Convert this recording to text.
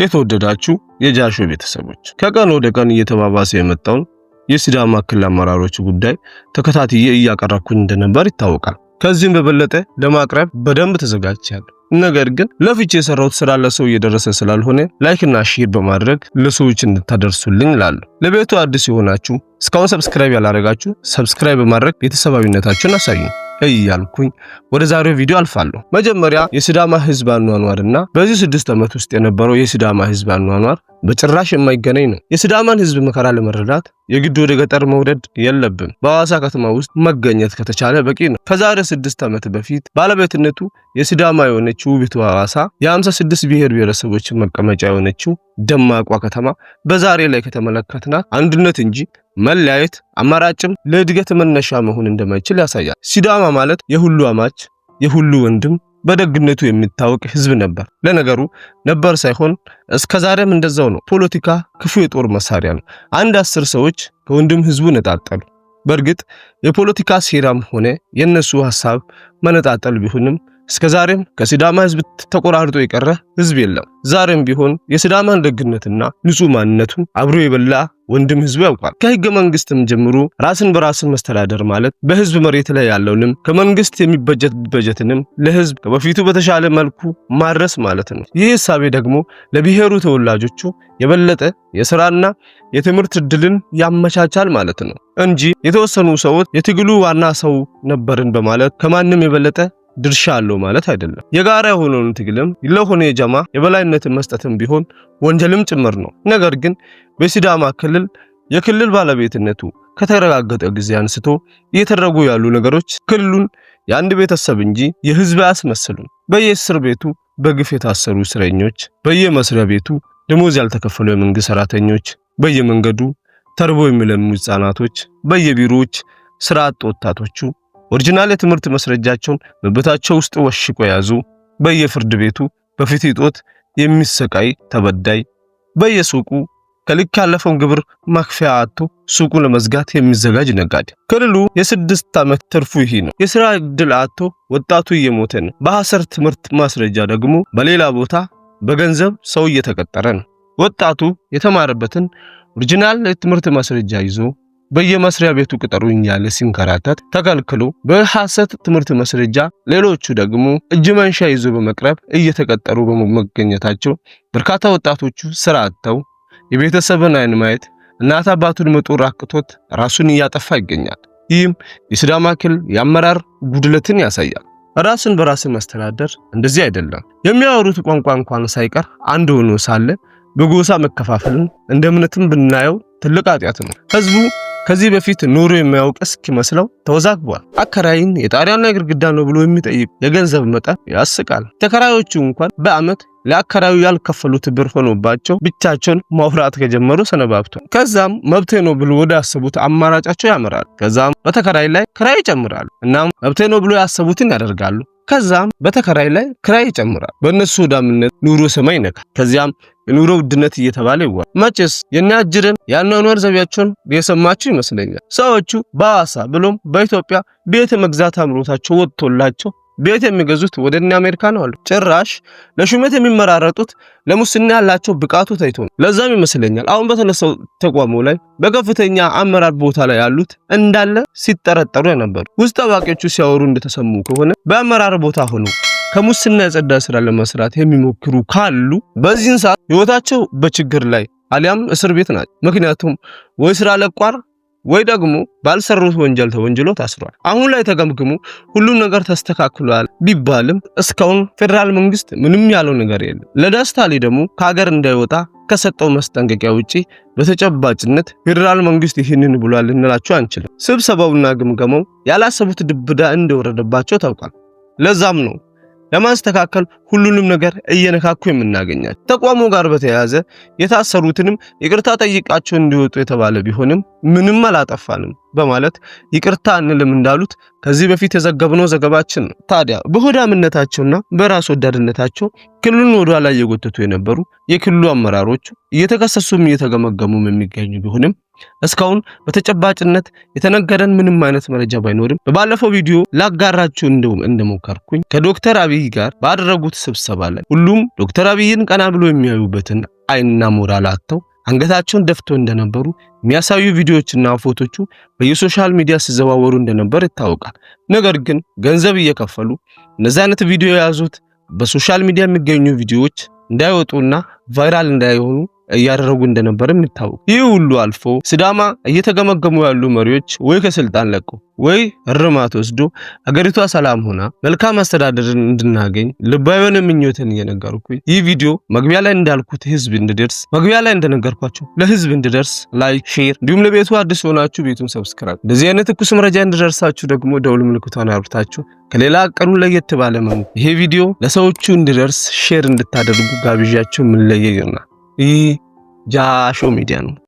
የተወደዳችሁ የጃሾ ቤተሰቦች ከቀን ወደ ቀን እየተባባሰ የመጣውን የሲዳማ ክልል አመራሮች ጉዳይ ተከታትዬ እያቀረብኩኝ እንደነበር ይታወቃል። ከዚህም በበለጠ ለማቅረብ በደንብ ተዘጋጅቻለሁ። ነገር ግን ለፍች የሰራሁት ስራ ለሰው እየደረሰ ስላልሆነ ላይክና ሼር በማድረግ ለሰዎች እንድታደርሱልኝ እላለሁ። ለቤቱ አዲስ የሆናችሁ እስካሁን ሰብስክራይብ ያላረጋችሁ ሰብስክራይብ በማድረግ ቤተሰባዊነታችሁን አሳዩኝ። እያልኩኝ ወደ ዛሬው ቪዲዮ አልፋለሁ። መጀመሪያ የሲዳማ ህዝብ አኗኗርና በዚህ ስድስት ዓመት ውስጥ የነበረው የሲዳማ ህዝብ አኗኗር በጭራሽ የማይገናኝ ነው። የሲዳማን ህዝብ መከራ ለመረዳት የግድ ወደ ገጠር መውደድ የለብም። በሐዋሳ ከተማ ውስጥ መገኘት ከተቻለ በቂ ነው። ከዛሬ ስድስት ዓመት በፊት ባለቤትነቱ የሲዳማ የሆነችው ውቢቱ ሐዋሳ የ ስድስት ብሔር ብሔረሰቦችን መቀመጫ የሆነችው ደማቋ ከተማ በዛሬ ላይ ከተመለከትናት አንድነት እንጂ መለያየት አማራጭም ለእድገት መነሻ መሆን እንደማይችል ያሳያል። ሲዳማ ማለት የሁሉ አማች የሁሉ ወንድም በደግነቱ የሚታወቅ ህዝብ ነበር። ለነገሩ ነበር ሳይሆን እስከዛሬም እንደዛው ነው። ፖለቲካ ክፉ የጦር መሳሪያ ነው። አንድ አስር ሰዎች ከወንድም ህዝቡ ነጣጠሉ። በእርግጥ የፖለቲካ ሴራም ሆነ የእነሱ ሀሳብ መነጣጠል ቢሆንም እስከ ዛሬም ከሲዳማ ህዝብ ተቆራርጦ የቀረ ህዝብ የለም። ዛሬም ቢሆን የሲዳማን ደግነትና ንጹህ ማንነቱን አብሮ የበላ ወንድም ህዝቡ ያውቃል። ከህገ መንግስትም ጀምሮ ራስን በራስን መስተዳደር ማለት በህዝብ መሬት ላይ ያለውንም ከመንግስት የሚበጀት በጀትንም ለህዝብ ከበፊቱ በተሻለ መልኩ ማድረስ ማለት ነው። ይህ እሳቤ ደግሞ ለብሔሩ ተወላጆቹ የበለጠ የስራና የትምህርት እድልን ያመቻቻል ማለት ነው እንጂ የተወሰኑ ሰዎች የትግሉ ዋና ሰው ነበርን በማለት ከማንም የበለጠ ድርሻ አለው ማለት አይደለም። የጋራ የሆነውን ትግልም ለሆነ የጀማ የበላይነትን መስጠትም ቢሆን ወንጀልም ጭምር ነው። ነገር ግን በሲዳማ ክልል የክልል ባለቤትነቱ ከተረጋገጠ ጊዜ አንስቶ እየተደረጉ ያሉ ነገሮች ክልሉን የአንድ ቤተሰብ እንጂ የህዝብ አያስመስሉም። በየእስር ቤቱ በግፍ የታሰሩ እስረኞች፣ በየመስሪያ ቤቱ ደሞዝ ያልተከፈሉ የመንግስት ሰራተኞች፣ በየመንገዱ ተርቦ የሚለሙ ህጻናቶች፣ በየቢሮዎች ስራ አጥ ወጣቶቹ ኦሪጂናል የትምህርት መስረጃቸውን በበታቸው ውስጥ ወሽቆ የያዙ በየፍርድ ቤቱ በፍትህ እጦት የሚሰቃይ ተበዳይ በየሱቁ ከልክ ያለፈውን ግብር ማክፊያ አጥቶ ሱቁ ለመዝጋት የሚዘጋጅ ነጋዴ ክልሉ የስድስት ዓመት ትርፉ ይሄ ነው። የሥራ ዕድል አጥቶ ወጣቱ እየሞተ ነው። በሐሰር ትምህርት ማስረጃ ደግሞ በሌላ ቦታ በገንዘብ ሰው እየተቀጠረ ነው። ወጣቱ የተማረበትን ኦሪጂናል የትምህርት ማስረጃ ይዞ በየመስሪያ ቤቱ ቅጠሩኝ ያለ ሲንከራተት ተከልክሎ በሐሰት ትምህርት መስረጃ፣ ሌሎቹ ደግሞ እጅ መንሻ ይዞ በመቅረብ እየተቀጠሩ በመገኘታቸው በርካታ ወጣቶቹ ስራ አጥተው የቤተሰብን አይን ማየት እናት አባቱን መጦር አቅቶት ራሱን እያጠፋ ይገኛል። ይህም የሲዳማ ክልል የአመራር ጉድለትን ያሳያል። ራስን በራስን መስተዳደር እንደዚህ አይደለም። የሚያወሩት ቋንቋ እንኳን ሳይቀር አንድ ሆኖ ሳለ በጎሳ መከፋፈልን እንደ እምነትም ብናየው ትልቅ ኃጢአት ነው። ህዝቡ ከዚህ በፊት ኑሮ የማያውቅ እስኪመስለው ተወዛግቧል። አከራይን የጣሪያና የግድግዳ ነው ብሎ የሚጠይቅ የገንዘብ መጠን ያስቃል። ተከራዮቹ እንኳን በአመት ለአከራዩ ያልከፈሉት ብር ሆኖባቸው ብቻቸውን ማውራት ከጀመሩ ሰነባብቷል። ከዛም መብቴ ነው ብሎ ወደ ያሰቡት አማራጫቸው ያመራል። ከዛም በተከራይ ላይ ክራይ ይጨምራሉ። እናም መብቴ ነው ብሎ ያሰቡትን ያደርጋሉ። ከዛም በተከራይ ላይ ክራይ ይጨምራል። በእነሱ ዳምነት ኑሮ ሰማይ ይነካል። ከዚያም ኑሮ ውድነት እየተባለ ይዋል። መቼስ የሚያጅርን የአኗኗር ዘቢያቸውን የሰማችሁ ይመስለኛል። ሰዎቹ በአዋሳ ብሎም በኢትዮጵያ ቤት መግዛት አምሮታቸው ወጥቶላቸው ቤት የሚገዙት ወደ እነ አሜሪካ ነው አሉ። ጭራሽ ለሹመት የሚመራረጡት ለሙስና ያላቸው ብቃቱ ታይቶ ነው። ለዛም ይመስለኛል አሁን በተነሳው ተቋሙ ላይ በከፍተኛ አመራር ቦታ ላይ ያሉት እንዳለ ሲጠረጠሩ የነበሩ ውስጥ አዋቂዎቹ ሲያወሩ እንደተሰሙ ከሆነ በአመራር ቦታ ሆኖ ከሙስና የጸዳ ስራ ለመስራት የሚሞክሩ ካሉ በዚህን ሰዓት ህይወታቸው በችግር ላይ አሊያም እስር ቤት ናቸው። ምክንያቱም ወይ ስራ ለቋር ወይ ደግሞ ባልሰሩት ወንጀል ተወንጅሎ ታስሯል። አሁን ላይ ተገምግሙ ሁሉም ነገር ተስተካክሏል ቢባልም እስካሁን ፌዴራል መንግስት ምንም ያለው ነገር የለም። ለደስታሌ ደግሞ ከሀገር እንዳይወጣ ከሰጠው ማስጠንቀቂያ ውጪ በተጨባጭነት ፌዴራል መንግስት ይህንን ብሏል ልንላቸው አንችልም። ስብሰባውና ግምገማው ያላሰቡት ድብዳ እንደወረደባቸው ታውቋል። ለዛም ነው ለማስተካከል ሁሉንም ነገር እየነካኩ የምናገኛቸው ተቋሙ ጋር በተያያዘ የታሰሩትንም ይቅርታ ጠይቃቸው እንዲወጡ የተባለ ቢሆንም ምንም አላጠፋንም በማለት ይቅርታ እንልም እንዳሉት ከዚህ በፊት የዘገብነው ዘገባችን ነው። ታዲያ በሆዳምነታቸውና በራስ ወዳድነታቸው ክልሉን ወደኋላ እየጎተቱ የነበሩ የክልሉ አመራሮች እየተከሰሱም እየተገመገሙም የሚገኙ ቢሆንም እስካሁን በተጨባጭነት የተነገረን ምንም አይነት መረጃ ባይኖርም በባለፈው ቪዲዮ ላጋራችሁ እንደሞከርኩኝ ከዶክተር አብይ ጋር ባደረጉት ስብሰባ ላይ ሁሉም ዶክተር አብይን ቀና ብሎ የሚያዩበትን አይንና ሞራል አጥተው አንገታቸውን ደፍተው እንደነበሩ የሚያሳዩ ቪዲዮዎችና ፎቶቹ በየሶሻል ሚዲያ ሲዘዋወሩ እንደነበር ይታወቃል። ነገር ግን ገንዘብ እየከፈሉ እነዚህ አይነት ቪዲዮ የያዙት በሶሻል ሚዲያ የሚገኙ ቪዲዮዎች እንዳይወጡና ቫይራል እንዳይሆኑ እያደረጉ እንደነበር ይታወቅ። ይህ ሁሉ አልፎ ስዳማ እየተገመገሙ ያሉ መሪዎች ወይ ከስልጣን ለቁ ወይ እርማት ወስዶ ሀገሪቷ ሰላም ሆና መልካም አስተዳደርን እንድናገኝ ልባዊውን ምኞትን እየነገርኩ ይህ ቪዲዮ መግቢያ ላይ እንዳልኩት ህዝብ እንድደርስ መግቢያ ላይ እንደነገርኳቸው ለህዝብ እንድደርስ ላይክ፣ ሼር እንዲሁም ለቤቱ አዲስ ሆናችሁ ቤቱን ሰብስክራይብ፣ እንደዚህ አይነት ትኩስ መረጃ እንድደርሳችሁ ደግሞ ደውል ምልክቷን አብርታችሁ ከሌላ ቀኑ ለየት ባለ መልኩ ይሄ ቪዲዮ ለሰዎቹ እንድደርስ ሼር እንድታደርጉ ጋብዣችሁ ምንለየ ይሆናል። i ja show me then